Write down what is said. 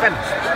fen